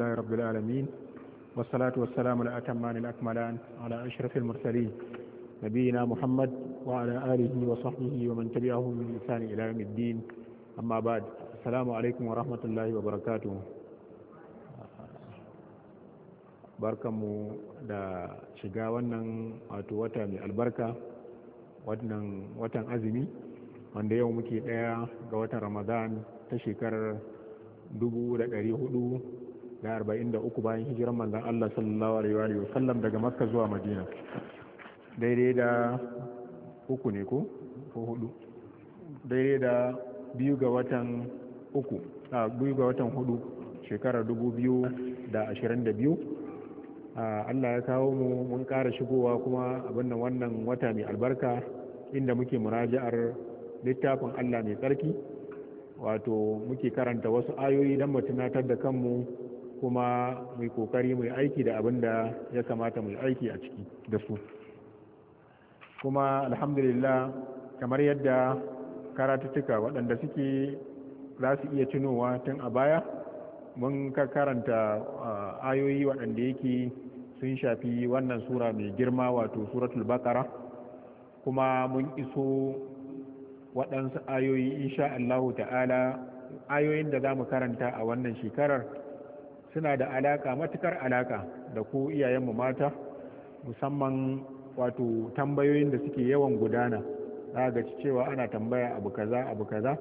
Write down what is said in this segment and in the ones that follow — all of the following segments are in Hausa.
لله رب العالمين والصلاة والسلام الأتمان الأكملان على أشرف المرسلين نبينا محمد وعلى آله وصحبه ومن تبعه من إنسان إلى يوم الدين أما بعد السلام عليكم ورحمة الله وبركاته barkanmu da shiga wannan wato wata mai albarka wannan watan azumi wanda yau muke daya ga watan ramadan ta shekarar 1400 da arba'in da uku bayan hijiran manzan Allah sallallahu alaihi wa sallam daga Makka zuwa Madina daidai da uku ne ko ko hudu daidai da biyu ga watan uku a biyu ga watan hudu shekarar dubu biyu da ashirin da biyu Allah ya kawo mu mun ƙara shigowa kuma abinda wannan wata mai albarka inda muke muraja'ar littafin Allah mai tsarki wato muke karanta wasu ayoyi don mu tunatar da kanmu kuma mai kokari mai aiki da abin da ya kamata mai aiki a ciki da su kuma alhamdulillah kamar yadda karatuttuka waɗanda suke za su iya cinowa tun a baya mun ka karanta ah, ayoyi waɗanda yake sun shafi wannan sura mai girma wato suratul bakara kuma mun iso waɗansu ayoyi insha Allahu ta'ala ayoyin da za mu karanta a wannan shekarar suna da alaka matukar alaka da ku iyayenmu mata musamman wato tambayoyin da suke yawan gudana za ga cewa ana tambaya abu kaza abu kaza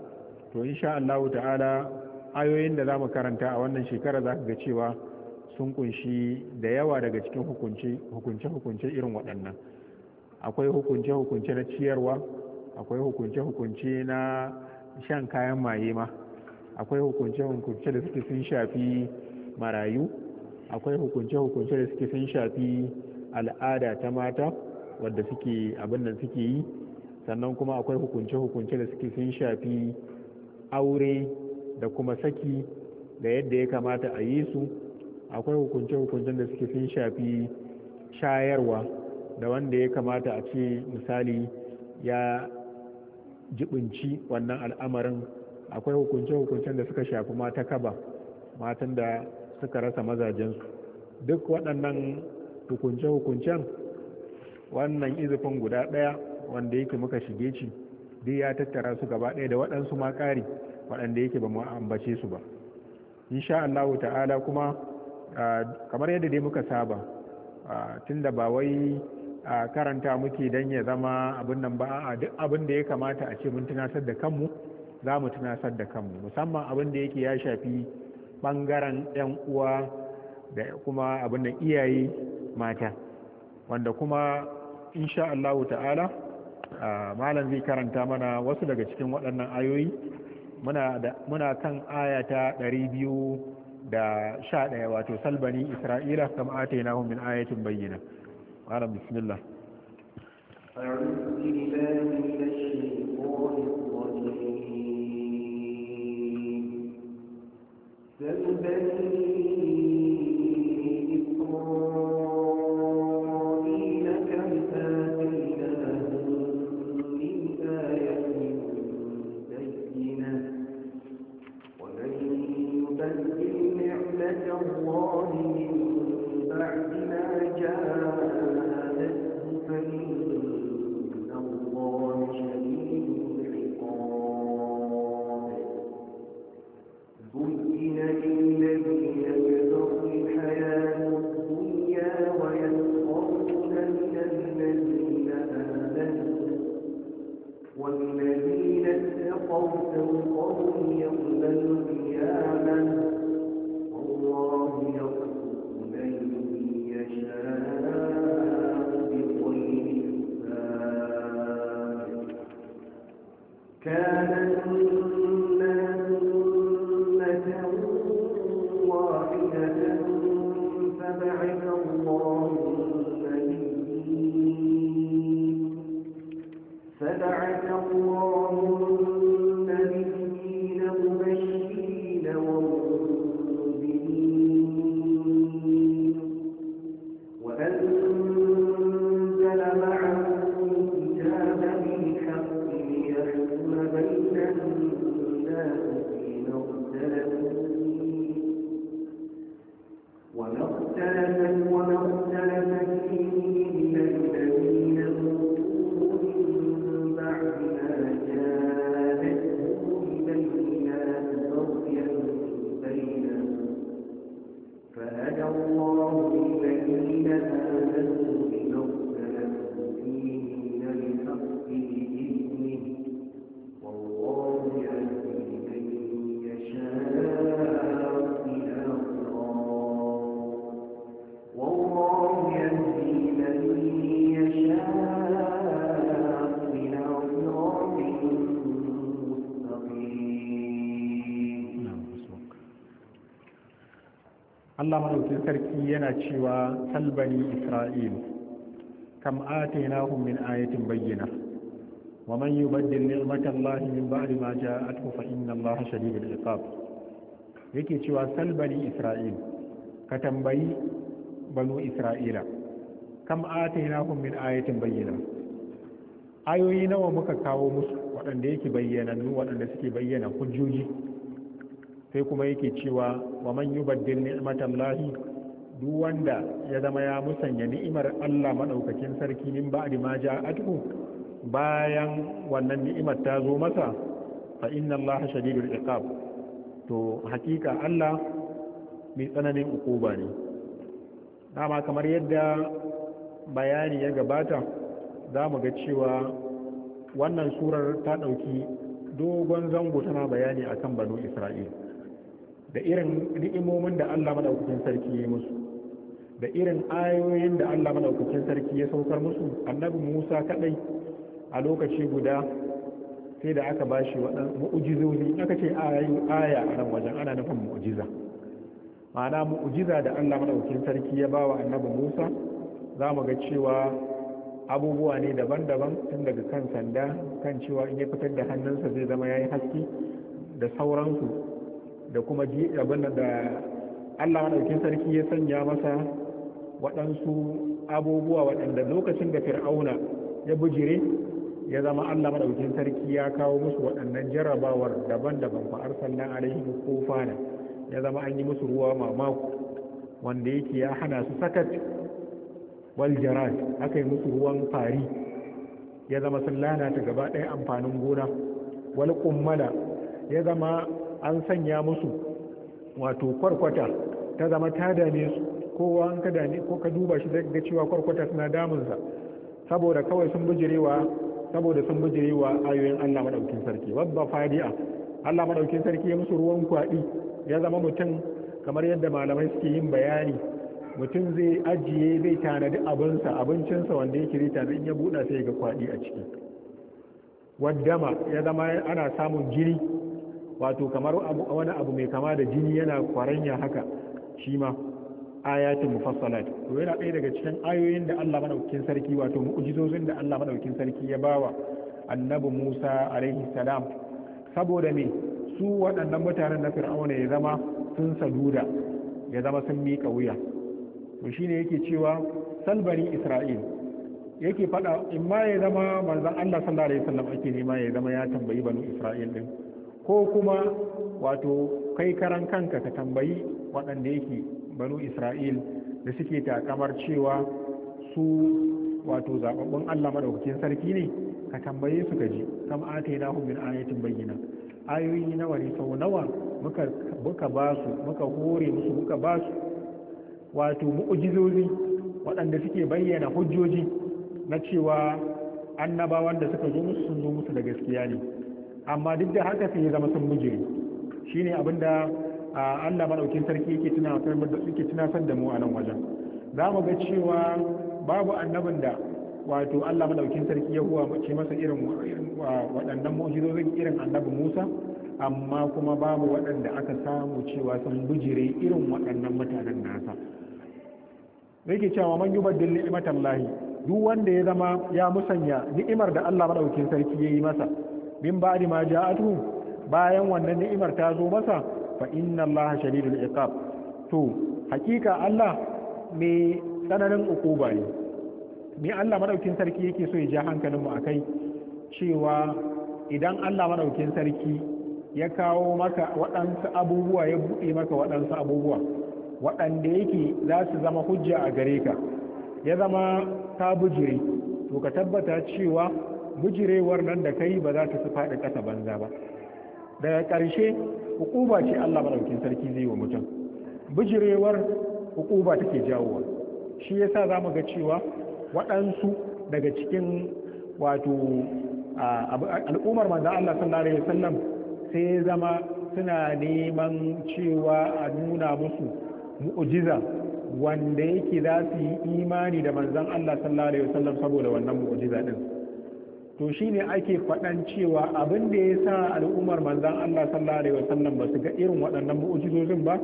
to insha Allah ta'ala ayoyin da zamu karanta a wannan shekara za ga cewa sun kunshi da yawa daga cikin hukunci hukunce hukunce irin waɗannan akwai hukunce hukunce na ciyarwa akwai hukunce hukunce na shan kayan maye ma akwai hukunce hukunce da suke sun shafi marayu akwai hukunce-hukunce da suke sun shafi al'ada ta mata wadda suke abin da suke yi sannan kuma akwai hukunce-hukunce da suke sun shafi aure da kuma saki da yadda ya kamata a yi su akwai hukunce-hukuncen da suke sun shafi shayarwa da wanda ya kamata a ce misali ya jibinci wannan al'amarin akwai hukunce-hukuncen da suka shafi mata kaba matan da suka rasa mazajensu duk waɗannan hukunce-hukuncen wannan izufin guda ɗaya wanda yake muka shige ci duk ya tattara su gaba ɗaya da waɗansu ma ƙari waɗanda yake ba mu ambace su ba insha Allah ta'ala kuma kamar yadda dai muka saba tunda ba wai karanta muke don ya zama abin nan ba a duk abin da ya kamata a ce mun tunasar da kanmu za mu tunasar da kanmu musamman abin da yake ya shafi ɓangaren 'yan uwa da kuma abin da iyaye mata wanda kuma insha Allahu ta'ala malam zai karanta mana wasu daga cikin waɗannan ayoyi muna kan ayata biyu ɗari da sha ɗaya wato salbani isra'ila kama atainahum min ayatin bayyana malam bismillah لمن yana cewa salbani isra'il kam na min ayatin bayyana. wa man yubaddil lahi min ba'di ma ja'athu fa inna allaha shadidul iqab yake cewa salbani isra'il ka tambayi banu isra'ila kam na min ayatin bayyana. ayoyi nawa muka kawo musu waɗanda yake nu waɗanda suke bayyana hujjoji sai kuma yake cewa wa man yubaddil lahi. duk wanda ya zama ya musanya ni'imar Allah Maɗaukakin sarki min ba'di ma ja'atuhu bayan wannan ni'imar ta zo masa fa inna Allah shadidul iqab to hakika Allah mai tsananin ukuba ne dama kamar yadda bayani ya gabata za mu ga cewa wannan surar ta ɗauki dogon zango tana bayani akan banu isra'il da irin ni'imomin da Allah Maɗaukakin sarki ya musu da irin ayoyin da Allah madaukakin sarki ya saukar musu annabi Musa kadai a lokaci guda sai da aka bashi waɗansu mu'ujizozi aka ce ayoyin aya a ran wajen ana nufin mu'ujiza ma'ana mu'ujiza da Allah madaukakin sarki ya bawa annabi Musa za mu ga cewa abubuwa ne daban-daban tun daga kan sanda kan cewa in ya fitar da hannunsa zai zama yayi haske da sauransu da kuma ji abin da Allah madaukakin sarki ya sanya masa waɗansu abubuwa waɗanda lokacin da fir'auna ya bujire ya zama allah maɗaukin sarki ya kawo musu waɗannan jarrabawar daban-daban ba arsalna ko kufana ya zama an yi musu ruwa mamaku wanda yake ya hana su sakat wal jarad aka yi musu ruwan fari ya zama sun lalata gaba ɗaya amfanin gona wal kummala ya zama an sanya musu wato kwarkwata ta zama ta dame su kowa an ka dame ko ka duba shi ga cewa kwarkwata suna damunsa saboda kawai sun bujirewa saboda sun bujirewa ayoyin Allah madaukin sarki wadda fadi'a Allah madaukin sarki ya musu ruwan kwadi ya zama mutum kamar yadda malamai suke yin bayani mutum zai ajiye zai tanadi abinsa abincinsa wanda yake rita in ya buɗa sai ga kwadi a ciki waddama ya zama ana samun jini wato kamar wani abu mai kama da jini yana kwaranya haka shi ma ayatin mufassalat to yana ɗaya daga cikin ayoyin da Allah madaukakin sarki wato mu'jizozin da Allah madaukakin sarki ya bawa annabi Musa alaihi salam saboda me su waɗannan mutanen na Fir'auna ya zama sun saduda ya zama sun miƙa wuya to shine yake cewa salbani Isra'il yake faɗa in ma ya zama manzon Allah sallallahu alaihi wasallam ake nema ya zama ya tambayi banu Isra'il din ko kuma wato kai karan kanka ka tambayi waɗanda yake banu isra'il da suke takamar cewa su wato zababbun allah maɗaukakin sarki ne ka tambaye su gaji kam aka yi nahu min ayatin bayyana ayoyi nawa ne sau nawa muka ba su muka hore musu muka ba su wato mu'ujizozi waɗanda suke bayyana hujjoji na cewa annabawan da suka zo musu sun zo musu da gaskiya ne amma duk da haka sai ya zama sun mujiri shine abinda Allah maɗaukin sarki yake tunatar da yake tunatar da mu a nan wajen za mu ga cewa babu annabin da wato Allah maɗaukin sarki ya huwa ce masa irin waɗannan mu'jizozin irin annabi Musa amma kuma babu waɗanda aka samu cewa sun bijire irin waɗannan mutanen nasa yake cewa man yubaddil ni'matallahi duk wanda ya zama ya musanya ni'imar da Allah maɗaukin sarki ya yi masa min ba'di ma ja'atuhu bayan wannan ni'imar ta zo masa fa inna allaha shadidul iqab to hakika Allah mai tsananin ukuba ne me Allah madaukin sarki yake so ya ja hankalin mu akai cewa idan Allah madaukin sarki ya kawo maka waɗansu abubuwa ya buɗe maka waɗansu abubuwa waɗanda yake za su zama hujja a gare ka ya zama ta bujire to ka tabbata cewa bujirewar nan da kai ba za ta su faɗi ƙasa banza ba daga ƙarshe hukuba ce Allah maɗaukin sarki zai wa mutum bijirewar hukuba take jawowa shi yasa mu ga cewa waɗansu daga cikin wato al'ummar manzo Allah sallallahu alaihi wasallam sai ya zama suna neman cewa a nuna musu mu'jiza wanda yake za su yi imani da manzan Allah sallallahu alaihi wasallam saboda wannan mu'ujiza din to shi ne ake faɗan cewa abin da ya sa al'ummar manzan Allah sallallahu alaihi wasallam ba su ga irin waɗannan mu'ujizojin ba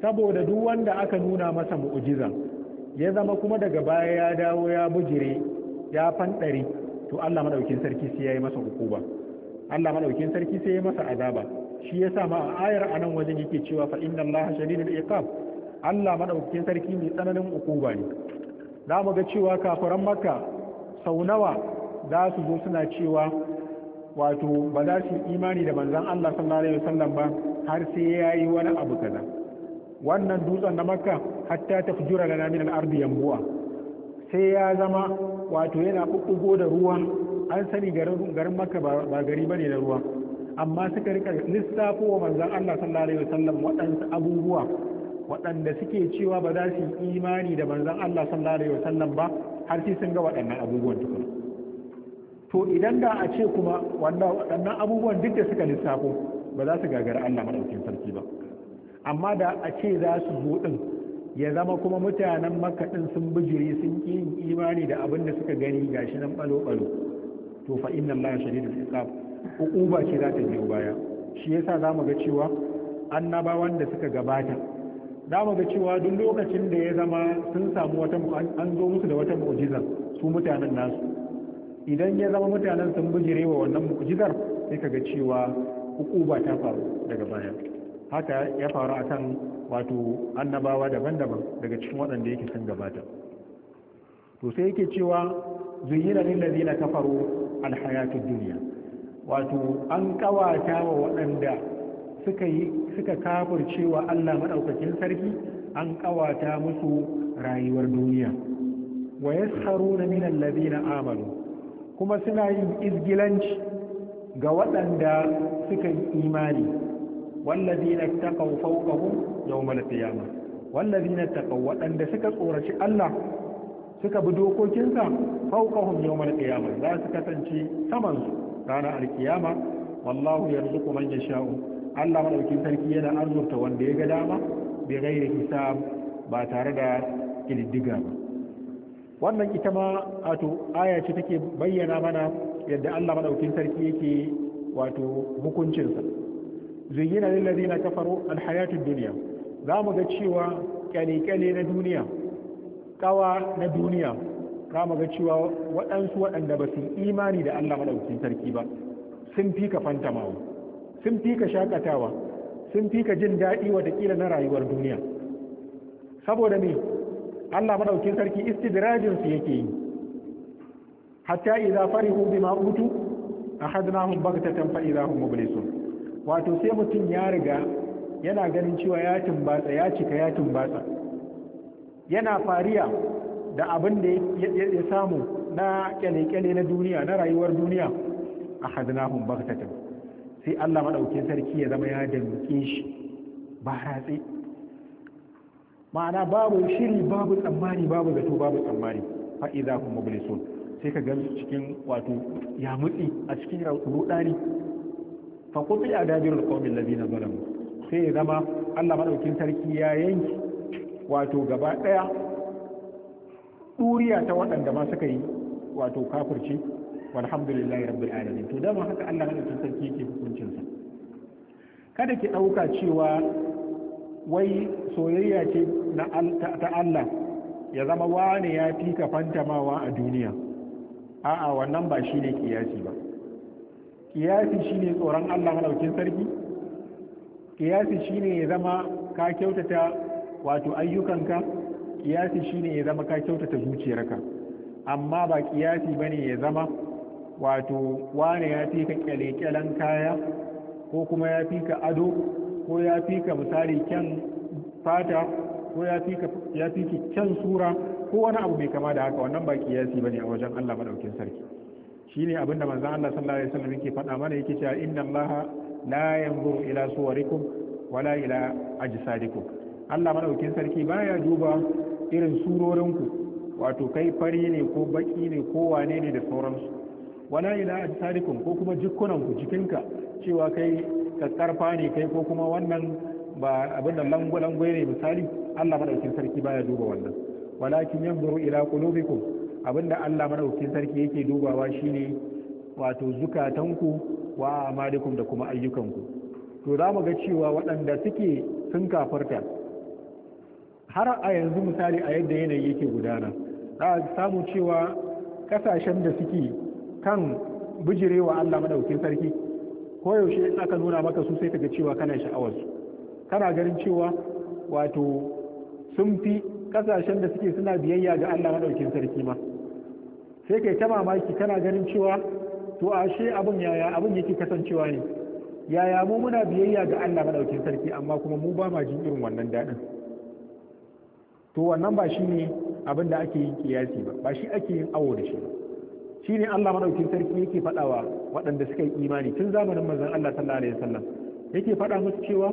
saboda duk wanda aka nuna masa mu'ujiza ya zama kuma daga baya ya dawo ya bujire ya fanɗari to Allah madaukin sarki sai yayi masa hukuma Allah madaukin sarki sai yi masa azaba shi yasa ma a ayar anan wajen yake cewa fa inna Allah shadidul iqab Allah madaukin sarki mai tsananin hukuma ne za mu ga cewa kafiran makka sau nawa za su zo suna cewa wato ba za su imani da manzan Allah sallallahu alaihi wasallam ba har sai ya yi wani abu kaza wannan dutsen na makka hatta fujura lana min al-ardi yanbu'a sai ya zama wato yana bubbugo da ruwa an sani garin garin makka ba gari bane da ruwa amma suka rika lissafo wa manzan Allah sallallahu alaihi wasallam waɗansu abubuwa waɗanda suke cewa ba za su imani da manzan Allah sallallahu alaihi wasallam ba har sai sun ga waɗannan abubuwan tukuna to idan da a ce kuma wannan abubuwan duk da suka lissafo ba za su gagara Allah maɗaukin sarki ba amma da a ce za su zo ya zama kuma mutanen makaɗin sun bijiri sun ƙi yin imani da abin da suka gani gashi nan ɓalo-ɓalo to fa inna Allah da iqab uquba ce za ta biyo baya shi yasa mu ga cewa annabawan da suka gabata Za mu ga cewa duk lokacin da ya zama sun samu wata an zo musu da wata mu'jiza su mutanen nasu idan ya zama mutanen sun bijire wa wannan mu'jizar sai kaga cewa hukuba ta faru daga baya haka ya faru akan wato annabawa daban-daban daga cikin waɗanda yake sun gabata to sai yake cewa zuyyina lil ladina kafaru al hayatud dunya wato an kawata wa waɗanda suka yi suka Allah madaukakin sarki an kawata musu rayuwar duniya wa yasharuna min alladhina amanu kuma suna yin izgilanci ga waɗanda suka yi imani wallazi na taƙau fauƙahu yau malafiyama wallazi na taƙau waɗanda suka tsoraci Allah suka bi dokokinsa fauƙahun yau malafiyama za su kasance samansu ranar alkiyama wallahu yanzu kuma ya sha'u Allah maɗaukin sarki yana arzurta wanda ya ga dama bai gaira hisab ba tare da ƙididdiga ba wannan ita ma wato aya ce take bayyana mana yadda Allah madaukin sarki yake wato hukuncinsa zuyyina lil ladina kafaru al hayatud dunya za mu ga cewa ƙyale kyale na duniya kawa na duniya za mu ga cewa waɗansu waɗanda ba su imani da Allah madaukin sarki ba sun fi ka fantamawa sun fi ka shakatawa sun fi ka jin daɗi watakila na rayuwar duniya saboda me Allah madauki sarki istidrajin su yake yi hatta idza farihu bima utu ahadnahum baghtatan fa idza hum mublisun wato sai mutum ya riga yana ganin cewa ya tumbatsa ya cika ya tumbatsa yana fariya da abin da ya samu na kyale-kyale na duniya na rayuwar duniya ahadnahum baghtatan sai Allah maɗauki sarki ya zama ya danke shi ba ratsi ma'ana babu shiri babu tsammani babu zato babu tsammani fa idza hum mublisun sai ka gan cikin wato ya mutsi a cikin rudani fa quti adabirul qawmi alladhina zalamu sai ya zama Allah madaukin sarki ya yanki wato gaba daya duriya ta waɗanda ma suka yi wato kafirci walhamdulillahi rabbil alamin to dama haka Allah madaukin sarki yake hukuncin sa kada ki dauka cewa wai soyayya ce ta Allah ya zama wane ya fi ka fantamawa a duniya a'a wannan ba shi ne kiyasi ba kiyasi shi ne tsoron Allah halaukin sarki kiyasi shi ne ya zama ka kyautata wato ayyukanka kiyasi shi ne ya zama ka kyautata zuciyarka amma ba kiyasi ba ne ya zama wato wane ya fi ka kyale-kyalen kaya ko kuma ya fi ka ado ko ya fi ka misali kyan fata ko ya fi ka kyan sura ko wani abu mai kama da haka wannan ba fi bane a wajen Allah madaukin sarki shine abin da manzon Allah sallallahu alaihi wasallam yake faɗa mana yake cewa inna Allah la yanzuru ila suwarikum wala ila ajsadikum Allah madaukin sarki baya duba irin surorinku wato kai fari ne ko baki ne ko wane ne da sauransu wala ila ajsadikum ko kuma jikunanku jikinka cewa kai kakkarfa ne kai ko kuma wannan ba abin da lango langwe ne misali Allah madaukin sarki baya duba wannan walakin buru ila qulubikum abinda Allah madaukin sarki yake dubawa shine wato zukatanku wa amalikum da kuma ayyukanku to za mu ga cewa waɗanda suke sun kafarta har a yanzu misali a yadda yanayi yake gudana za a samu cewa kasashen da suke kan bijirewa Allah madaukin sarki koyaushe in aka nuna maka su sai kaga cewa kana sha'awar su kana ganin cewa wato sun fi kasashen da suke suna biyayya ga Allah madaukin sarki ma sai kai ta mamaki kana ganin cewa to ashe abin yaya abin yake kasancewa ne yaya mu muna biyayya ga Allah madaukin sarki amma kuma mu ba ma jin irin wannan dadin to wannan ba shine abin da ake yin kiyasi ba ba shi ake yin awo da shi ba shine Allah madaukin sarki yake faɗawa waɗanda suka yi imani tun zamanin manzon Allah sallallahu alaihi wasallam yake faɗa musu cewa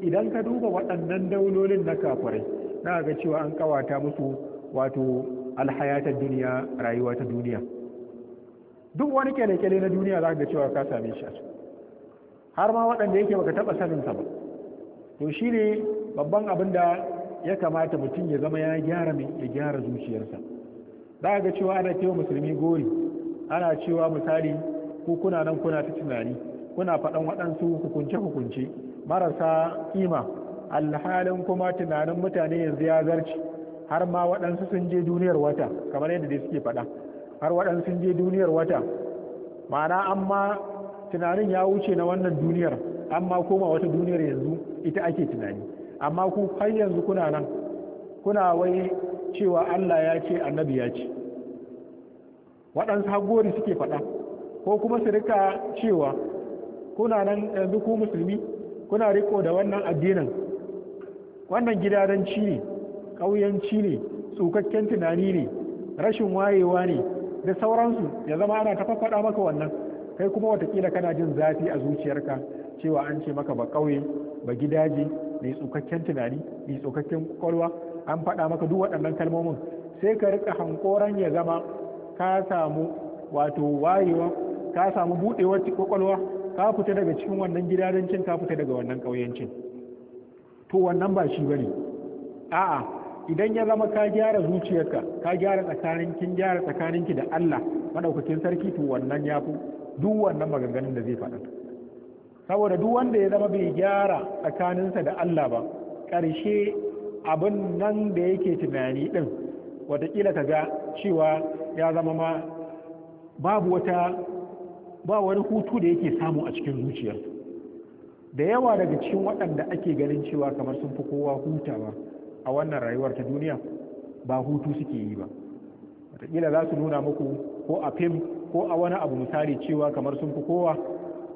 idan ka duba waɗannan daulolin na kafirai na ga cewa an kawata musu wato alhayatar duniya rayuwa ta duniya duk wani kyale-kyale na duniya za ga cewa ka same shi a har ma waɗanda yake baka taɓa sa ba to shi ne babban abin da ya kamata mutum ya zama ya gyara ya gyara zuciyarsa za ga cewa ana cewa musulmi gori ana cewa misali ku kuna nan kuna ta tunani kuna faɗan waɗansu hukunce-hukunce marasa kima alhalin kuma tunanin mutane yanzu ya zarci har ma waɗansu sun je duniyar wata kamar yadda dai suke faɗa har waɗansu sun je duniyar wata ma'ana amma tunanin ya wuce na wannan duniyar amma koma wata duniyar yanzu ita ake tunani amma ku har yanzu kuna nan kuna wai cewa Allah ya ce annabi ya ce waɗansu hagori suke faɗa ko kuma su rika cewa kuna nan yanzu ku musulmi kuna riko da wannan addinin wannan gidadanci ne ƙauyanci ne tsukakken tunani ne rashin wayewa ne da sauransu ya zama ana ta faɗa maka wannan kai kuma watakila kana jin zafi a zuciyarka cewa an ce maka ba ƙauye ba gidaje mai tsukakken tunani mai tsukakken kwakwalwa an faɗa maka duk waɗannan kalmomin sai ka rika hankoran ya zama ka samu wato wayewa ka samu budewar kwakwalwa ka fita daga cikin wannan gidarancin ka fita daga wannan ƙauyancin to wannan ba shi bane a'a idan ya zama ka gyara zuciyarka ka gyara tsakanin kin gyara tsakanin ki da Allah madaukakin sarki to wannan ya fi duk wannan maganganun da zai faɗa saboda duk wanda ya zama bai gyara tsakaninsa da Allah ba ƙarshe abin nan da yake tunani ɗin watakila ka ga cewa ya zama ma babu wata ba wani hutu da yake samu a cikin zuciyar da yawa daga cikin waɗanda ake ganin cewa kamar sun fi kowa hutawa a wannan rayuwar ta duniya ba hutu suke yi ba watakila za su nuna muku ko a fim ko a wani abu misali cewa kamar sun fi kowa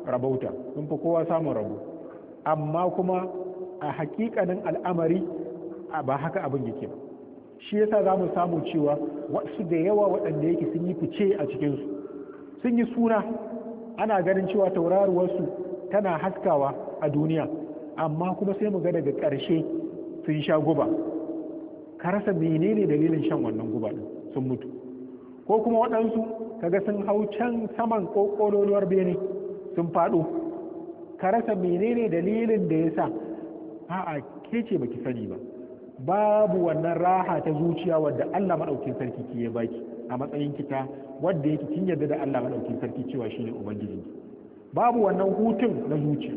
rabauta sun fi kowa samun rabo amma kuma a hakikanin al'amari ba haka abin yake ba shi yasa za mu samu cewa wasu da yawa waɗanda yake sun yi fice a cikinsu sun yi suna ana ganin cewa tauraruwarsu tana haskawa a duniya amma kuma sai mu ga daga ƙarshe sun sha guba ka rasa menene dalilin shan wannan guba sun mutu ko kuma waɗansu kaga sun hau can saman ƙoƙololuwar bene sun faɗo ka rasa menene dalilin da ya sa a'a ke ce baki sani ba babu wannan raha ta zuciya wadda Allah maɗaukin sarki ke ya baki a matsayin kita wadda yake kin yarda da Allah madauki sarki cewa shine ubangiji babu wannan hutun na zuciya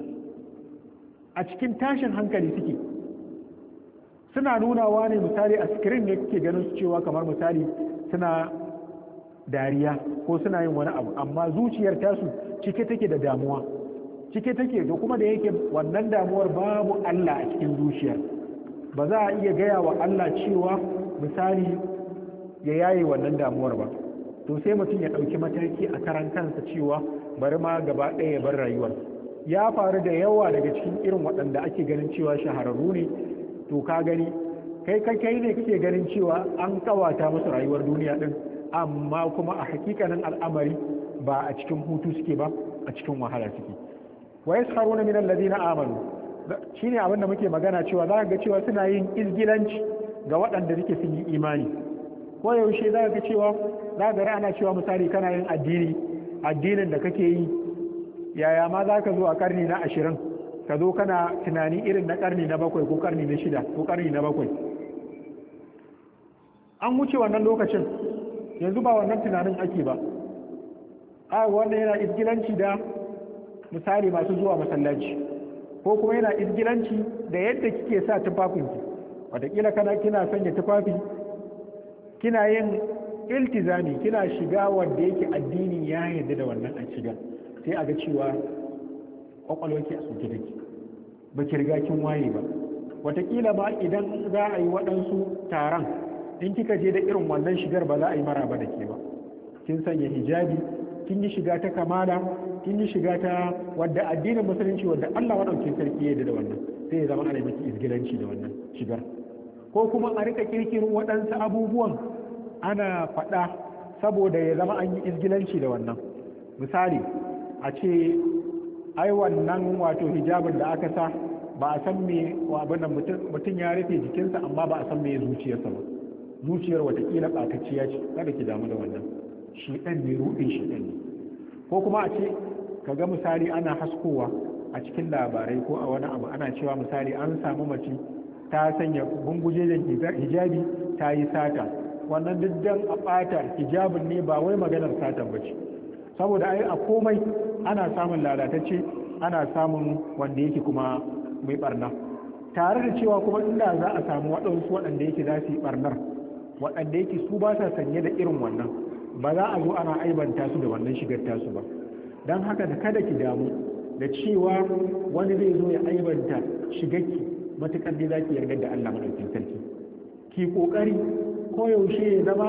a cikin tashin hankali suke suna nunawa ne misali a screen ne kuke ganin su cewa kamar misali suna dariya ko suna yin wani abu amma zuciyar tasu cike take da damuwa cike take da kuma da yake wannan damuwar babu Allah a cikin zuciyar ba za a iya gaya wa Allah cewa misali ya yaye wannan damuwar ba to sai mutum ya ɗauki mataki a karan kansa cewa bari ma gaba ɗaya ya bar rayuwar ya faru da yawa daga cikin irin waɗanda ake ganin cewa shahararru ne to ka gani kai kai ne kake ganin cewa an kawata musu rayuwar duniya ɗin amma kuma a hakikanin al'amari ba a cikin hutu suke ba a cikin wahala suke wa yasharuna min alladhina amanu shine abin da muke magana cewa za ka ga cewa suna yin izgilanci ga waɗanda suke sun yi imani ko yaushe za ka cewa za ka rana cewa misali kana yin addini addinin da kake yi yaya ma za ka zo a karni na ashirin ka zo kana tunani irin na karni na bakwai ko karni na shida ko karni na bakwai an wuce wannan lokacin yanzu ba wannan tunanin ake ba a wanda yana izgilanci da misali masu zuwa masallaci ko kuma yana izgilanci da yadda kike sa tufafinki wataƙila kana kina sanya tufafi kina yin iltizami kina shiga wanda yake addini ya yarda da wannan a shiga sai a ga cewa kwakwalwaki a tsoke take ba ki riga kin waye ba watakila ba idan za a yi waɗansu taron in kika je da irin wannan shigar ba za a yi maraba da ke ba kin sanya hijabi kin yi shiga ta kamala kin yi shiga ta wadda addinin musulunci wadda Allah waɗauke sarki ya da wannan sai ya zama ana miki izgilanci da wannan shigar ko kuma a rika kirkirin waɗansu abubuwan ana faɗa saboda ya zama an yi izgilanci da wannan misali a ce ai wannan wato hijabin da aka sa ba a san me abin nan mutum ya rufe jikinsa amma ba a san me zuciyarsa ba zuciyar watakila ɓatacciya ce kada ki damu da wannan shi ɗan ne ruɗin shi ɗan ne ko kuma a ce ka ga misali ana haskowa a cikin labarai ko a wani abu ana cewa misali an samu mace ta sanya bunguje da hijabi ta yi sata wannan duk dan a ɓata hijabin ne ba wai maganar sata ba ce saboda ai a komai ana samun lalatacce ana samun wanda yake kuma mai barna tare da cewa kuma inda za a samu waɗansu waɗanda yake za su yi barnar waɗanda yake su ba sa sanye da irin wannan ba za a zo ana aibanta su da wannan shigar tasu ba don haka da kada ki damu da cewa wani zai zo ya aibanta shigarki matukar dai ki yarda da Allah maɗaukin sarki ki ƙoƙari koyaushe ya zama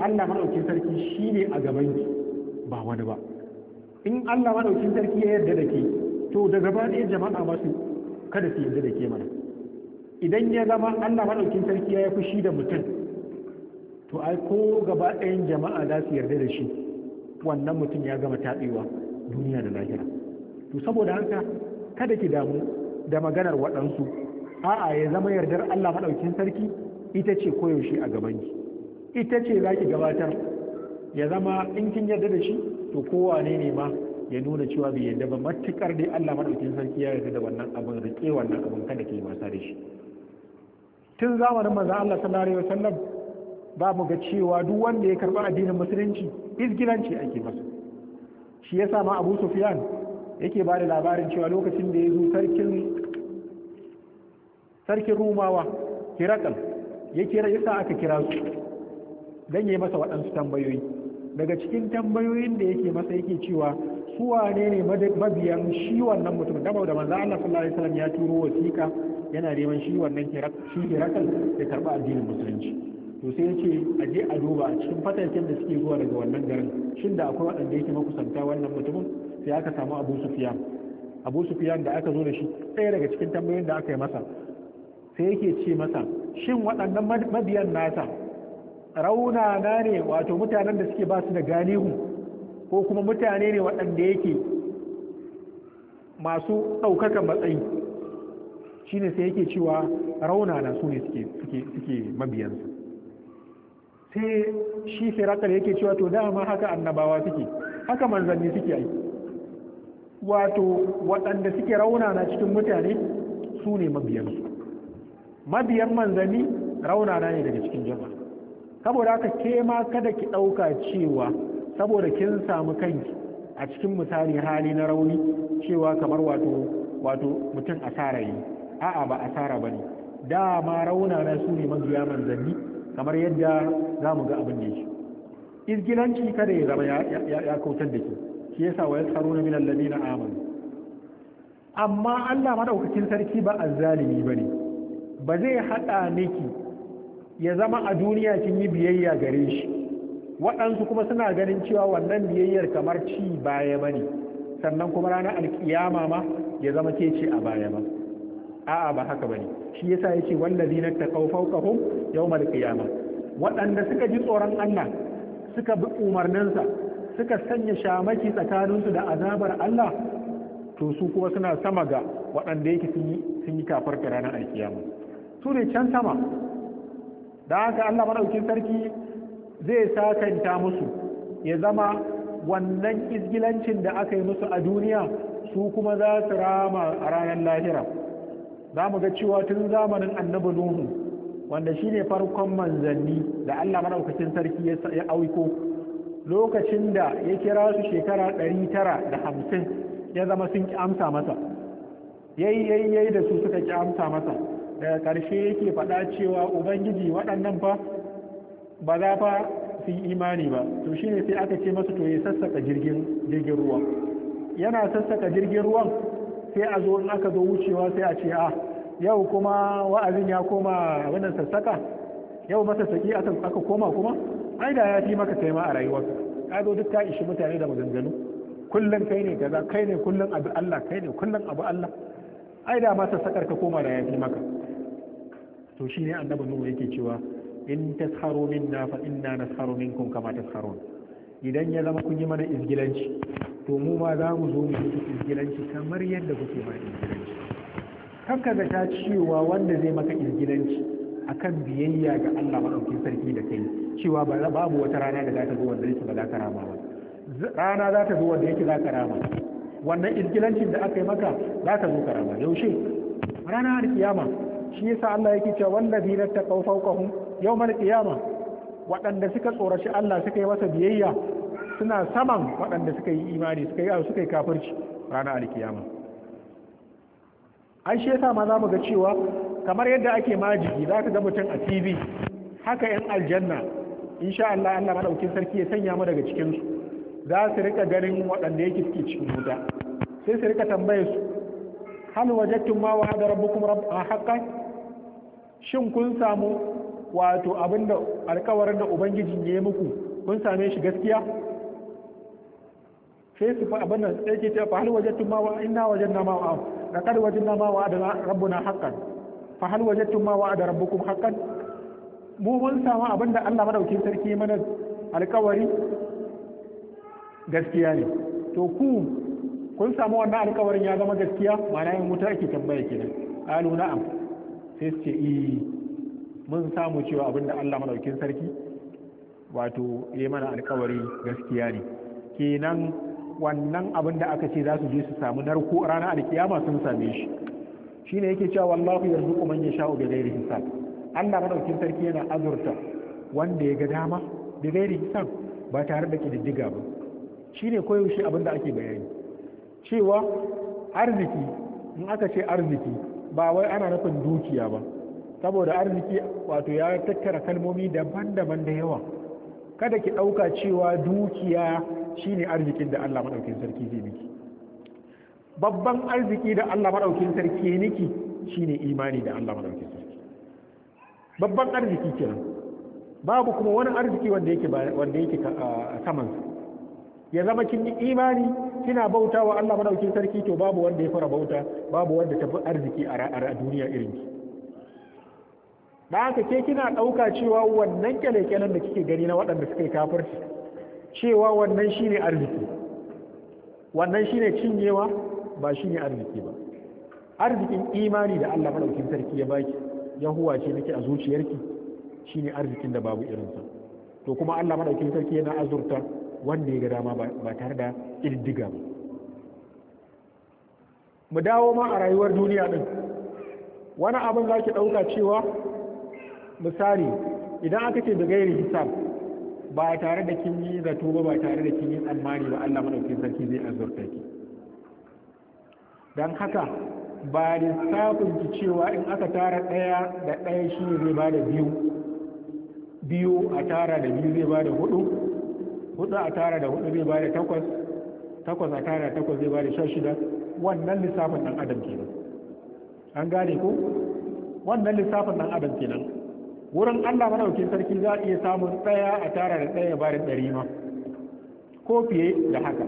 Allah maɗaukin sarki shi ne a gaban ki ba wani ba in Allah maɗaukin sarki ya yarda da ke to da gaba ɗaya jama'a masu kada su yarda da ke mana idan ya zama Allah maɗaukin sarki ya yi fushi da mutum to ai ko gaba ɗayan jama'a za su yarda da shi wannan mutum ya gama taɓewa duniya da lahira to saboda haka kada ki damu da maganar waɗansu a'a ya zama yardar Allah madaukin sarki ita ce koyaushe a gaban ita ce za ki gabatar ya zama in kin yarda da shi to kowa ne ma ya nuna cewa bai yarda ba matukar dai Allah madaukin sarki ya yarda da wannan abin rike wannan abin kada ke wasa da shi tun zamanin Maza Allah sallallahu alaihi wasallam ba mu ga cewa duk wanda ya karba addinin musulunci izgilanci ake masa shi yasa ma Abu Sufyan yake ba da labarin cewa lokacin da ya zo sarkin sarkin rumawa hirakal ya kira yasa aka kira su dan yi masa waɗansu tambayoyi daga cikin tambayoyin da yake masa yake cewa su wane ne mabiyan shi wannan mutum da da manzo Allah sallallahu alaihi wasallam ya turo wasiƙa yana neman shi wannan shi hirakal ya karba addinin musulunci to sai yace a je a duba a cikin fatakin da suke zuwa daga wannan garin shin da akwai waɗanda yake makusanta wannan mutumin sai aka samu Abu Sufyan Abu Sufyan da aka zo da shi ɗaya daga cikin tambayoyin da aka yi masa sai yake ce masa shin waɗannan mabiyan nasa raunana ne wato mutanen da suke ba su da galihu ko kuma mutane ne waɗanda yake masu ɗaukakan matsayi shi ne sai yake cewa raunana su ne suke mabiyansu sai shi firakar yake cewa to dama haka annabawa suke haka manzanni suke yi wato waɗanda suke raunana cikin mutane su ne mabiyansu mabiyan manzanni raunana ne daga cikin jama'a saboda haka ke ma kada ki ɗauka cewa saboda kin samu kanki a cikin misali hali na rauni cewa kamar wato wato mutum asara yi a'a ba asara ba ne dama raunana su ne mabiya manzanni kamar yadda za mu ga abin da izgilanci kada ya zama ya kautar da ke shi yasa wa na min na amanu amma Allah madaukakin sarki ba azzalimi ne. ba zai haɗa miki ya zama a duniya kin yi biyayya gare shi waɗansu kuma suna ganin cewa wannan biyayyar kamar ci baya ba ne sannan kuma ranar alkiyama ma ya zama ke ce a baya ba a'a ba haka bane shi ya ce wallazi na kawo fawqahum yawmal qiyama waɗanda suka ji tsoron Allah suka bi umarninsa suka sanya shamaki tsakaninsu da azabar Allah to su kuma suna sama ga waɗanda yake sun yi sun yi kafar ranar alkiyama su ne can sama da haka Allah maɗaukin sarki zai sakanta musu ya zama wannan izgilancin da aka yi musu a duniya su kuma za su rama a ranar lahira za mu ga cewa tun zamanin annabi nuhu wanda shi ne farkon manzanni da Allah maɗaukacin sarki ya auko lokacin da ya kira su shekara ɗari tara da hamsin ya zama sun ƙi amsa masa yayi yayi da su suka ƙi amsa masa daga ƙarshe yake faɗa cewa ubangiji waɗannan fa ba za fa fi yi imani ba to shine sai aka ce masa to ya sassaka jirgin jirgin ruwa yana sassaka jirgin ruwan sai a zo in aka zo wucewa sai a ce a ah, yau kuma wa'azin ya koma wannan sassaka yau saki aka koma kuma ai da ya fi maka kai ma a rayuwarka ka zo duk ka ishi mutane da maganganu kullum kai ne kaza kai ne kullum abu Allah kai ne kullum abu Allah ai da ma sakar ka koma da ya fi maka to shi ne annaba nuhu yake cewa in tasharu minna fa inna nasharu minkum kama tasharun idan ya zama kun yi mana izgilanci to mu ma za mu zo mu yi izgilanci kamar yadda kuke mana izgilanci kanka da ta cewa wanda zai maka izgilanci akan biyayya ga Allah maɗaukin sarki da kai cewa babu wata rana da za ta zo wanda yake ba za ka rama ba rana za ta zo wanda yake za ka rama wannan izgilancin da aka yi maka za ta zo ka rama yaushe rana har kiyama shi yasa Allah yake cewa wallazina taqaw yau yawmal qiyama waɗanda suka tsorashi Allah suka yi masa biyayya suna saman waɗanda suka yi imani suka yi suka yi kafirci ranar alkiyama ai shi yasa ma za mu ga cewa kamar yadda ake majiji za ka ga mutum a TV haka yan aljanna insha Allah Allah madaukin sarki ya sanya mu daga cikin su za su rika ganin waɗanda yake suke cikin wuta sai su rika tambayar su hal wajadtum ma wa'ada rabbukum rabba haqqan shin kun samu wato abinda alkawarin da ubangijin ya yi muku kun same shi gaskiya sai su fa abin nan sai ke fa hal wajadtum ma inna wajadna ma wa'ada laqad wajadna ma wa'ada rabbuna haqqan fa hal wajadtum ma wa'ada rabbukum haqqan mu mun samu abin da Allah madaukin sarki mana alkawari gaskiya ne to ku kun samu wannan alkawarin ya zama gaskiya mana yin wuta ake tambaya kenan alu na'am sai su ce i eh, mun samu cewa abinda Allah madaukin sarki wato ya yi mana alkawari gaskiya ne kenan wannan abin da aka ce za su je su samu narko rana alkiyama sun same shi Shi ne yake cewa wallahu kuma ya yasha'u bi gairi hisab Allah madaukin sarki yana azurta wanda ya ga dama da gairi hisab ba tare da kididdiga ba Shi shine koyaushe abin da ake bayani cewa arziki in aka ce arziki ba wai ana nufin dukiya ba saboda arziki wato ya tattara kalmomi daban-daban da yawa kada ki ɗauka cewa dukiya shine arzikin da Allah maɗaukin sarki zai miki babban arziki da Allah maɗaukin sarki ya niki shine imani da Allah maɗaukin sarki babban arziki kenan babu kuma wani arziki wanda yake wanda yake ya zama kin yi imani kina bauta wa Allah madaukin sarki to babu wanda ya fara bauta babu wanda ta fi arziki a duniya irin ki da haka ke kina ɗauka cewa wannan kyale-kyalen da kike gani na waɗanda suka yi kafirci cewa wannan shine arziki wannan shine cinyewa ba shine arziki ba arzikin imani da Allah madaukin sarki ya baki ya ce nake a zuciyarki shine arzikin da babu irinsa to kuma Allah madaukin sarki yana azurta wanda ya ga dama ba tare da ƙirdiga ba mu dawo ma a rayuwar duniya ɗin wani abin za ki ɗauka cewa misali idan aka ce daga yin hisab ba tare da kin yi zato ba ba tare da kin yi tsammani ba Allah madaukakin sarki zai azurta ki don haka ba lissafin ki cewa in aka tara ɗaya da ɗaya shi zai ba da biyu biyu a tara da biyu zai ba da hudu hudu a tara da hudu zai ba da takwas takwas a tara da takwas zai ba da sha shida wannan lissafin ɗan adam kenan an gane ko wannan lissafin ɗan adam kenan wurin allah madaukin sarki za a iya samun ɗaya a tara da ɗaya ba da ɗari ma ko fiye da haka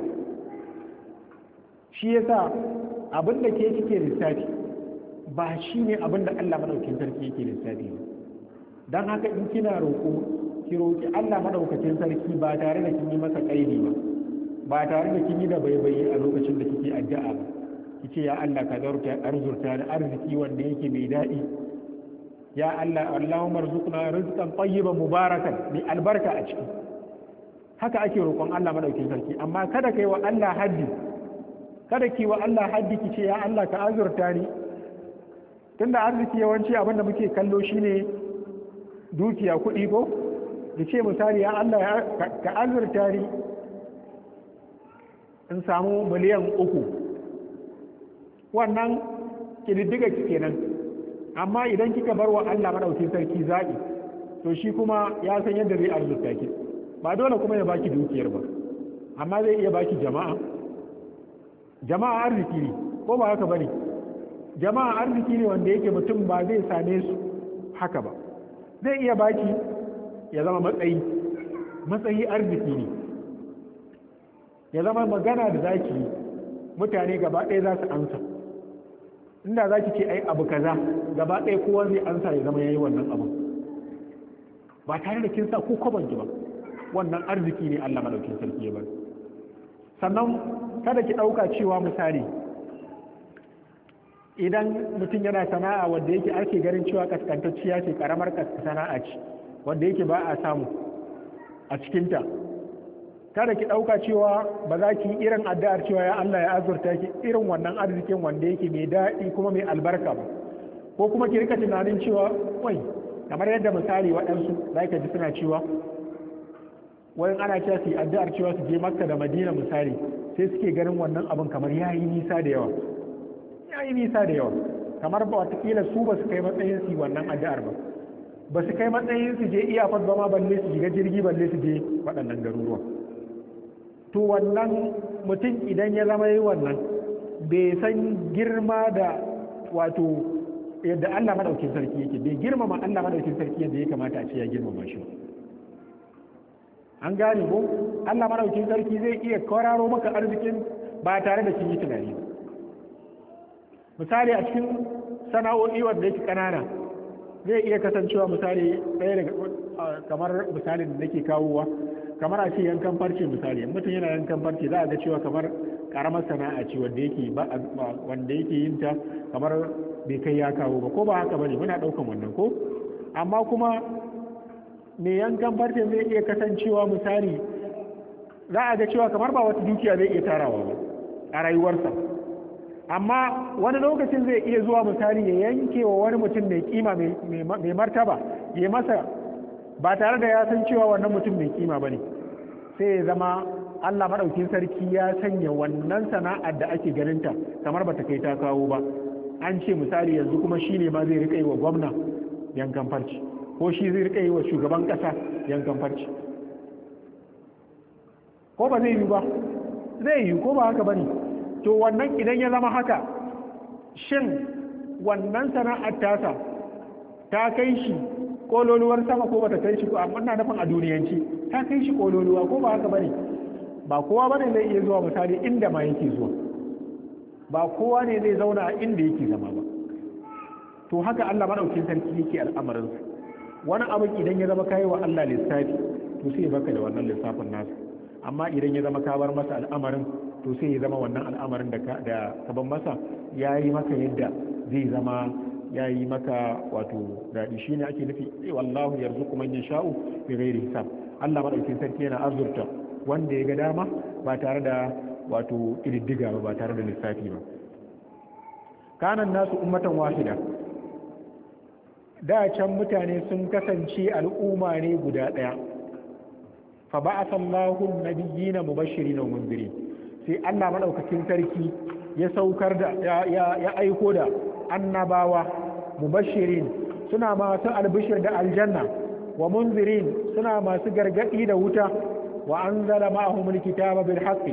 shi yasa abin da ke cike lissafi ba shi ne abin da allah madaukin sarki yake lissafi ba don haka in kina roƙo ki roki Allah madaukakin sarki ba tare da kin yi masa kaidi ba ba tare da kin yi da baibayi a lokacin da kike addu'a ba kice ya Allah ka zarta arzurta da arziki wanda yake mai daɗi ya Allah Allahumma rzuqna rizqan tayyiban mubarakan bi albarka a ciki haka ake roƙon Allah madaukakin sarki amma kada kai wa Allah haddi kada ki wa Allah haddi ki ce ya Allah ka azurta ni tunda arziki yawanci abin da muke kallo shine dukiya kuɗi ko da ce misali ya Allah ka azurta ni in samu miliyan uku wannan kike nan. amma idan kika bar wa Allah maɗauki sarki zaɓi to shi kuma ya san yadda zai azurta ki ba dole kuma ya baki dukiyar ba amma zai iya baki jama'a jama'a arziki ne ko ba haka bane jama'a arziki ne wanda yake mutum ba zai same su haka ba zai iya baki ya zama matsayi matsayi arziki ne ya zama magana da zaki mutane gaba ɗaya za su ansa inda za ki ce ai abu kaza gaba ɗaya kowa zai ansa ya zama yayi yi wannan abu ba tare da kin sa ko kwaban ki ba wannan arziki ne Allah madaukin sarki ya bari sannan kada ki ɗauka cewa misali idan mutum yana sana'a wanda yake ake garin cewa kaskantacciya ce karamar sana'a ce wanda yake ba a samu a cikinta kada ki ɗauka cewa ba za ki irin addu'ar cewa ya Allah ya azurta ki irin wannan arzikin wanda yake mai daɗi kuma mai albarka ba ko kuma ki rika tunanin cewa wai kamar yadda misali waɗansu za ka ji suna cewa wani ana cewa su addu'ar cewa su je makka da madina misali sai suke ganin wannan abin kamar ya yi nisa da yawa ya yi nisa da yawa kamar ba watakila su ba su kai matsayin su wannan addu'ar ba ba su kai matsayin su je iyafar ma balle su shiga jirgi balle su je waɗannan garuruwa to wannan mutum idan ya zama yi wannan bai san girma da wato yadda Allah madaukin sarki yake bai girmama Allah madaukin sarki yadda ya kamata a ce ya girmama shi an gane ko Allah madaukin sarki zai iya kwararo maka arzikin ba tare da kin yi tunani misali a cikin sana'o'i wanda yake kanana zai iya kasancewa misali ɗaya daga kamar misalin da nake kawowa kamar a ce yankan farce misali mutum yana yankan farce za a ga cewa kamar karamar sana'a ce wanda yake wanda yake yin ta kamar bai kai ya kawo ba ko ba haka bane muna daukan wannan ko amma kuma me yankan farce zai iya kasancewa misali za a ga cewa kamar ba wata dukiya zai iya tarawa ba a rayuwarsa amma wani lokacin zai iya zuwa misali ya yanke wa wani mutum mai kima mai martaba ya masa ba tare da ya san cewa wannan mutum mai kima ba ne sai ya zama allah maɗaukin sarki ya sanya wannan sana'ar da ake ganinta kamar ba ta kai ta kawo ba an ce misali yanzu kuma shi ne ma zai riƙa yi wa gwamna yankan farci ko shi zai riƙa yi wa shugaban ƙasa yankan farci ko ba zai yi ba zai yi ko ba haka ba ne to wannan idan ya zama haka shin wannan sana'ar tasa ta kai shi kololuwar sama ko bata kai shi ko amma ina nufin a duniyanci ta kai shi kololuwa ko ba haka bane ba kowa bane zai iya zuwa misali inda ma yake zuwa ba kowa ne zai zauna a inda yake zama ba to haka Allah madaukin sarki yake sa wani abu idan ya zama kayi wa Allah lissafi to sai baka da wannan lissafin nasa amma idan ya zama ka bar masa al'amarin to sai ya zama wannan al'amarin da ka masa ya yi maka yadda zai zama ya yi maka wato daɗi shi ne ake nufi eh, wallahu yanzu kuma yin sha'u bi gairi hisab Allah maɗaukin sarki yana azurta wanda ya ga dama ba tare da wato ƙididdiga ba ba tare da lissafi ba kanan nasu ummatan wahida da can mutane sun kasance al'umma ne guda ɗaya fa ba'atha Allahu nabiyyina mubashirin wa munzirin sai Allah maɗaukacin sarki ya saukar da ya aiko da annabawa bashirin suna masu albishir da aljanna wa munzirin suna masu gargadi da wuta wa anzala ma'ahumul kitaba bil haqqi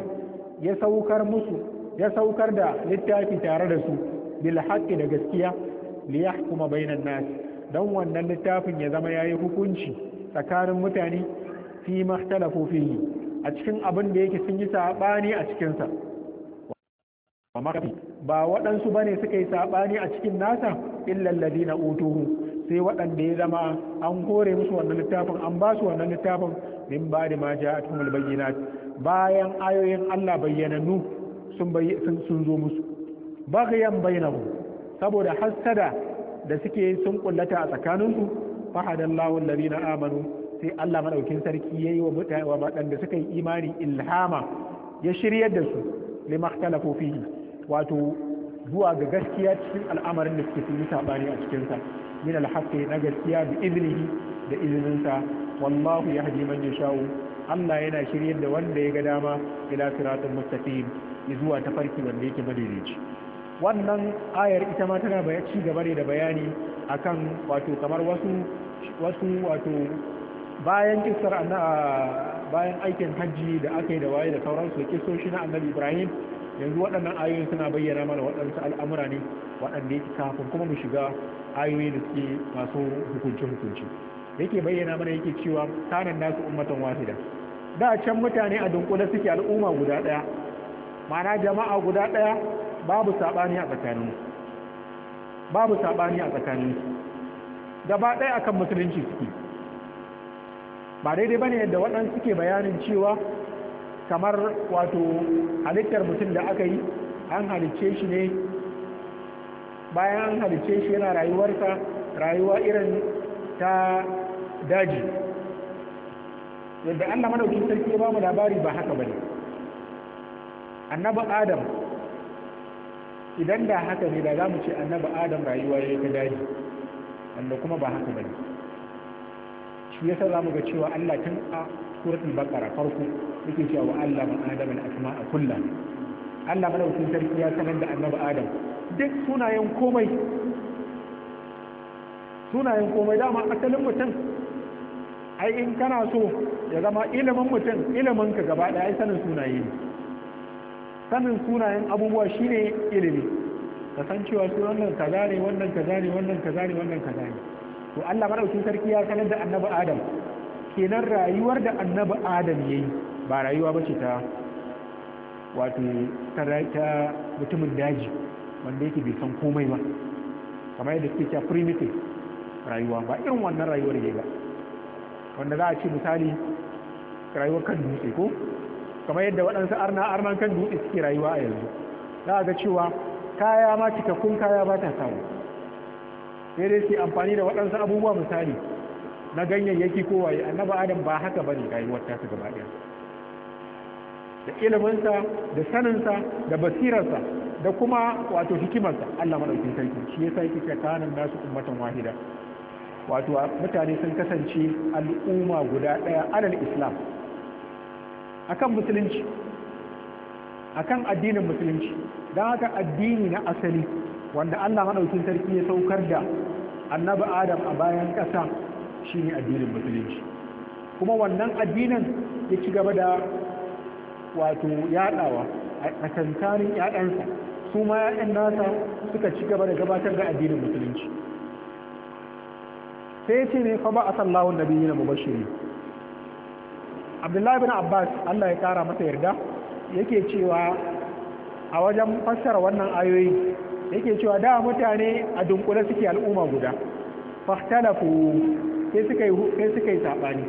ya saukar musu ya saukar da littafi tare da su bil da gaskiya li yahkuma bainan nas dan wannan littafin ya zama yayi hukunci tsakanin mutane fi mahtalafu fihi a cikin abin da yake sun yi saɓani a cikinsa ba waɗansu ba ne suka yi saɓani a cikin nasa illallazi na utuhu sai waɗanda ya zama an kore musu wannan littafin an ba su wannan littafin min ba da ma ja atumul bayyinat bayan ayoyin Allah bayyananu sun sun zo musu baghyan bainahu saboda hassada da suke sun ƙullata a tsakaninsu fa alladhina amanu sai Allah madaukin sarki yayi wa mutane wa waɗanda suka yi imani ilhama ya shiryar da su limakhtalafu fihi wato zuwa ga gaskiya cikin al'amarin da suke yi sabani a cikin sa min alhaqqi na gaskiya bi iznihi da izinin sa wallahu yahdi man yasha'u Allah yana shiryar da wanda ya ga dama ila siratul mustaqim zuwa tafarki wanda yake madaidaici wannan ayar ita ma tana ci gaba ne da bayani akan wato kamar wasu wasu wato bayan kisar bayan aikin hajji da aka yi da waye da sauransu kisoshi na annabi ibrahim yanzu waɗannan ayoyin suna bayyana mana waɗansu al'amura ne waɗanda yake kafin kuma mu shiga ayoyi da suke masu hukunci hukunci yake bayyana mana yake cewa kanan nasu ummatan wahida da can mutane a dunkule suke al'umma guda ɗaya ma'ana jama'a guda ɗaya babu saɓani a tsakanin babu saɓani a tsakanin gaba ɗaya akan musulunci suke ba daidai bane yadda waɗansu suke bayanin cewa kamar wato halittar mutum da aka yi an halicce shi ne bayan an halicce shi yana rayuwarsa rayuwa irin ta daji yadda allah madaukin sarki ya ba mu labari ba haka bane annabi adam idan da haka ne da za mu ce annabi adam rayuwa ya ta daji wanda kuma ba haka bane shi sa zamu ga cewa Allah tun a suratul baqara farko yake cewa wa Allah man adama al a kullan Allah madaukakin sarki ya sanar da annabi Adam duk sunayen komai sunayen komai dama asalin mutum ai in kana so ya zama ilimin mutum ilimin ka gaba daya ai sanin sunaye ne sanin sunayen abubuwa shine ilimi ka san cewa su wannan kaza ne wannan kaza ne wannan kaza ne wannan kaza ne to Allah madaukin sarki ya sanar da annabi Adam kenan rayuwar da annabi Adam yayi ba rayuwa bace ta wato ta mutumin daji wanda yake bai san komai ba kamar yadda suke cewa primitive rayuwa ba irin wannan rayuwar yayi ba wanda za a ce misali rayuwar kan dutse ko kamar yadda waɗansu arna arnan kan dutse suke rayuwa a yanzu za a ga cewa kaya ma cikakkun kaya ba ta samu sai dai su amfani da waɗansu abubuwa misali na ganyayyaki ko waye annabi adam ba haka bane gayi wata su gaba ɗaya da iliminsa da saninsa da basirarsa da kuma wato hikimarsa Allah maɗaukin sarki shi ya yake cewa nasu ummatan wahida wato mutane sun kasance al'umma guda ɗaya alal islam akan musulunci akan addinin musulunci don haka addini na asali wanda Allah madaukin sarki ya saukar da annabi Adam a bayan ƙasa shine addinin musulunci kuma wannan addinin ya ci gaba da wato yaɗawa a tsakankanin yaɗansa, su ma ƴaƴan nasa suka ci gaba da gabatar da addinin musulunci sai ce ne fa ba a sallahu nabiyyi na mubashiri abdullahi bin abbas allah ya kara masa yarda yake cewa a wajen fassara wannan ayoyi yake cewa da mutane a dunkule suke al'umma guda fahtalafu sai suka sai suka sabani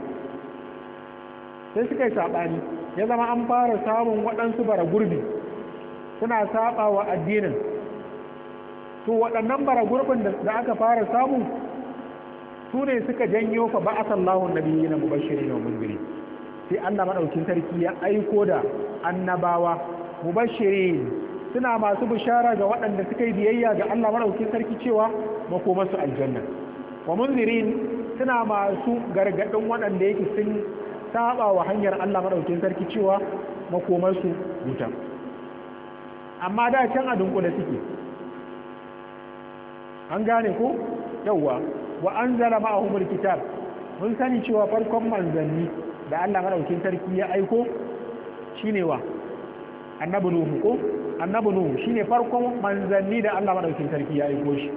sai suka sabani ya zama an fara samun waɗansu bara gurbi suna saba wa addinin to waɗannan bara gurbin da aka fara samu su ne suka janyo fa biyu na mubashirin wa munzirin sai Allah madaukin sarki ya aiko da annabawa mubashirin suna masu bishara ga waɗanda suka yi biyayya ga Allah maɗaukin sarki cewa makomarsu aljanna wa munzirin suna masu gargaɗin waɗanda yake sun saba wa hanyar Allah maɗaukin sarki cewa makomarsu wuta amma da can a dunkule suke an gane ko yawwa wa an zara ma'ahumul kitab mun sani cewa farkon manzanni da Allah maɗaukin sarki ya aiko shine wa annabu nuhu ko annabu nuhu shine farkon manzanni da Allah madaukakin sarki ya aiko shi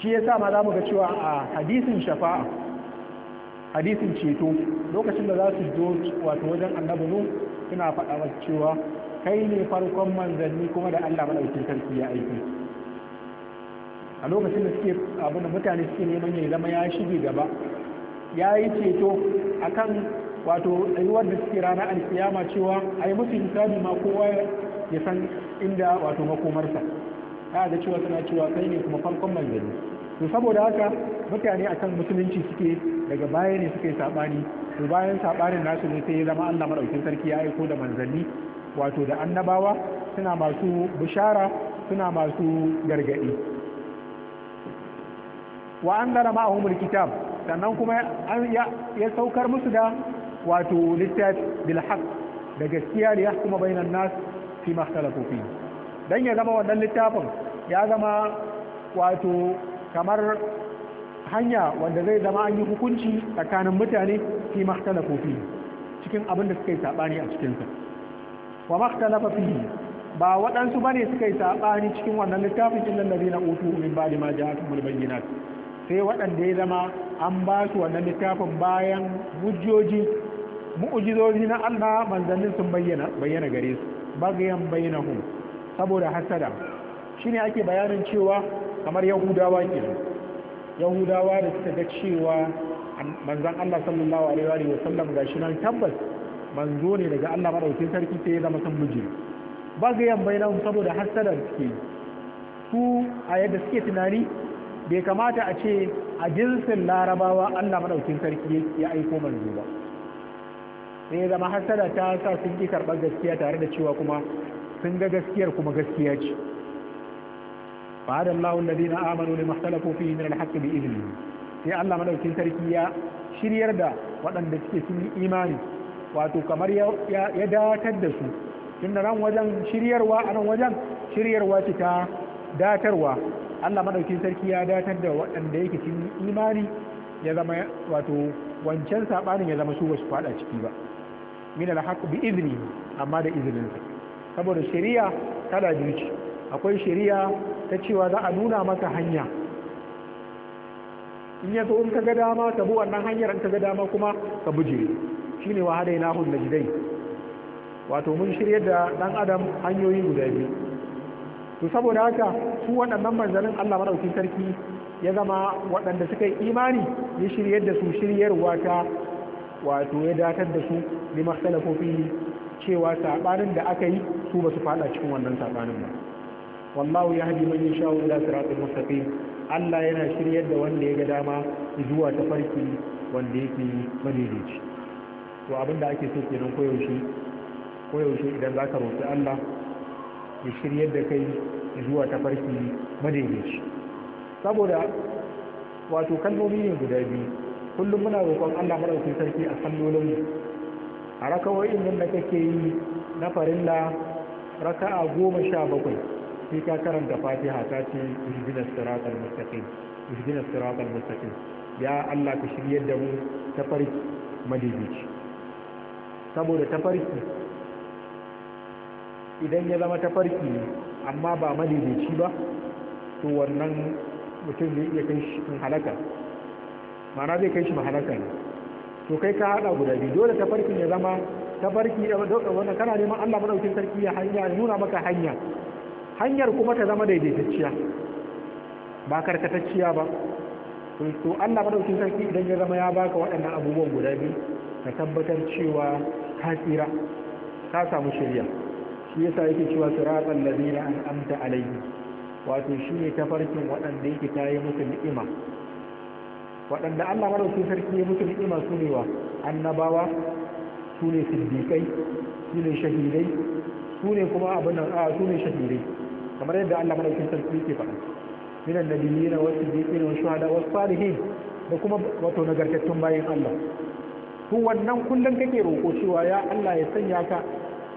shi yasa ma za mu ga cewa a hadisin shafa'a hadisin ceto lokacin da za su zo wato wajen annabu nuhu suna faɗa masa cewa kai ne farkon manzanni kuma da Allah madaukakin sarki ya aiko a lokacin da suke abin mutane suke neman ya zama ya shige gaba ya yi ceto akan wato tsayuwar da suke rana alkiyama cewa a yi musu hisabi ma kowa ya san inda wato makomarsa ta da cewa suna cewa sai ne kuma farkon manzanni to saboda haka mutane a kan musulunci suke daga baya ne suke sabani to bayan saɓanin nasu ne sai ya zama Allah madaukin sarki ya aiko da manzanni wato da annabawa suna masu bishara suna masu gargadi wa an dara ma'ahumul kitab sannan kuma ya saukar musu da wato littafi bil da gaskiya da ya kuma bainan nas fi makhtalafu fi dan ya zama wannan littafin ya zama wato kamar hanya wanda zai zama an yi hukunci tsakanin mutane fi makhtalafu fi cikin abin da suka yi sabani a cikin sa wa makhtalafa fi ba waɗansu bane suka yi sabani cikin wannan littafin illal ladina utu min ba'di ma ja'atuhumul bayyinat sai waɗanda ya zama an ba su wannan littafin bayan hujjoji mu'ujizozi na Allah manzannin sun bayyana bayyana gare su bagayan bainahum saboda hasada shine ake bayanin cewa kamar yahudawa ke yahudawa da suka ga cewa manzan Allah sallallahu alaihi wa sallam gashi nan tabbas manzo ne daga Allah madaukin sarki sai ya zama sun mujiri bagayan bainahum saboda hasada suke su a yadda suke tunani bai kamata a ce a jinsin larabawa Allah madaukin sarki ya aiko manzo ba sai zama hasada ta sa sun ƙi karɓar gaskiya tare da cewa kuma sun ga gaskiyar kuma gaskiya ce fa'ada Allahu na amanu ne ikhtalafu fihi min al bi izini sai Allah madaukin sarki ya shiryar da waɗanda suke sun yi imani wato kamar ya datar da su tun nan wajen shiryarwa a nan wajen shiryarwa ce ta datarwa Allah madaukin sarki ya datar da waɗanda yake sun imani ya zama wato wancan saɓanin ya zama su ba su faɗa ciki ba min alhaq bi izni amma da izinin sa saboda shari'a kala biyu ce akwai shari'a ta cewa za a nuna maka hanya in ya zo in ka ga dama ka bi wannan hanyar in ka ga dama kuma ka buje shine wa hadaina hun najdai wato mun shirye da dan adam hanyoyi guda biyu to saboda haka su waɗannan manzalin Allah madaukin sarki ya zama waɗanda suka yi imani ya shiryar da su shiryarwa ta wato ya datar da su lima salafofi cewa sabanin da aka yi su ba su fada cikin wannan sabanin ba wallahu yahdi man yasha'u ila siratin mustaqim Allah yana shiryar da wanda ya ga dama zuwa ta farki wanda yake madaidaici to abin da ake so kenan koyaushe koyaushe idan za ka roƙi Allah ya shiryar da kai zuwa ta farki madaidaici saboda wato kalmomi ne guda biyu kullum muna roƙon Allah madaukakin sarki a sallolin a rakawoyin nan da kake yi na farilla raka'a goma sha bakwai sai ka karanta fatiha ta ce ihdinas siratal mustaqim ihdinas siratal mustaqim ya Allah ka shirye da mu tafarki madibici saboda tafarki idan ya zama tafarki amma ba madibici ba to wannan mutum zai iya kai shi halaka ma'ana zai kai shi halaka ne to kai ka hada guda biyu dole tafarkin ya zama tafarki wannan kana neman Allah madaukin sarki ya hanya nuna maka hanya hanyar kuma ta zama daidaitacciya ba karkatacciya ba to Allah madaukin sarki idan ya zama ya baka waɗannan abubuwan guda biyu ka tabbatar cewa ka tsira ka samu shirya shi yasa yake cewa siratan ladina amta alaihi wato shine tafarkin waɗanda yake tayi musu ni'ima waɗanda Allah madaukakin sarki ya mutu ni'ima su ne wa annabawa su ne siddiƙai su ne shahidai su ne kuma abin nan a su ne shahidai kamar yadda Allah madaukakin sarki yake faɗa min annabiyina wa siddiqina wa shuhada wa salihin da kuma wato nagartattun bayan Allah to wannan kullum kake roƙo cewa ya Allah ya sanya ka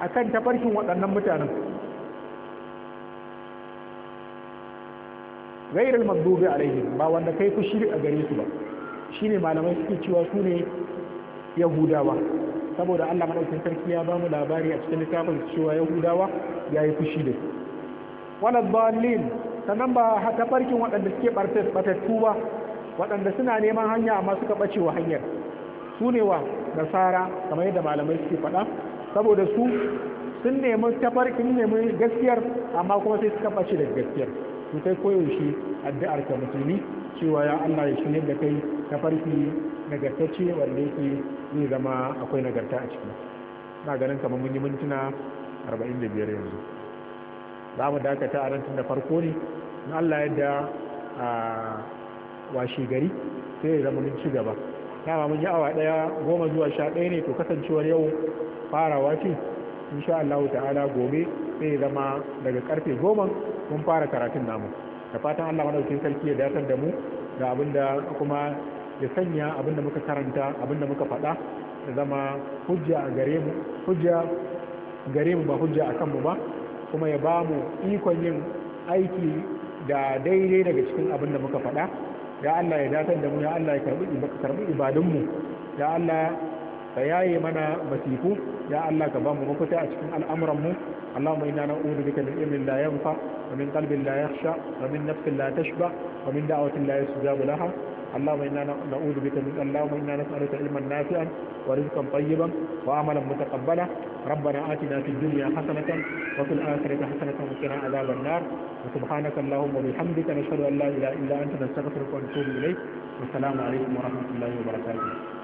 akan tafarkin waɗannan mutanen gairar magdubi alaihim ba wanda kai fushi a gare su ba shine malamai suke cewa su ne yahudawa saboda Allah madaukakin sarki ya bamu labari a cikin littafin cewa yahudawa ya yi fushi da su wala dhalin sannan ba haka farkin waɗanda suke batattu ba waɗanda suna neman hanya amma suka bace wa hanyar su ne wa nasara kamar yadda malamai suke faɗa saboda su sun nemi tafarkin nemi gaskiyar amma kuma sai suka bace da gaskiyar to kai koyaushe addu'ar ka musulmi cewa ya Allah ya shine da kai ta farki nagartacce wanda yake zai zama akwai nagarta a ciki na ganin kamar mun yi mintuna 45 yanzu za mu dakata a tun da farko ne in Allah yadda da washe gari sai ya zama mun ci gaba dama mun yi awa daya goma zuwa sha ɗaya ne to kasancewar yau farawa ce insha Allah ta'ala gobe sai zama daga karfe goma mun fara karatun namu da fatan Allah madaukakin sarki ya datar da mu da abinda kuma ya sanya abinda muka karanta abinda muka faɗa ya zama hujja a gare mu hujja gare mu ba hujja a kanmu ba kuma ya ba mu ikon yin aiki da daidai daga cikin abin da muka faɗa ya Allah ya datar da mu ya Allah ya karɓi ibadunmu ya Allah ka yaye mana masifu ya Allah ka bamu mafita a cikin al'amuran mu Allahumma inna na'udhu bika min ilmin la yanfa wa min qalbin la yakhsha wa min nafsin la tashba wa min da'watin la yustajab laha Allahumma inna na'udhu bika min Allahumma inna nas'aluka ilman nafi'an wa rizqan tayyiban wa amalan mutaqabbala ربنا آتنا في الدنيا حسنة وفي الآخرة حسنة وقنا عذاب النار وسبحانك اللهم وبحمدك نشهد أن لا إله إلا أنت نستغفرك ونتوب إليك والسلام عليكم ورحمة الله وبركاته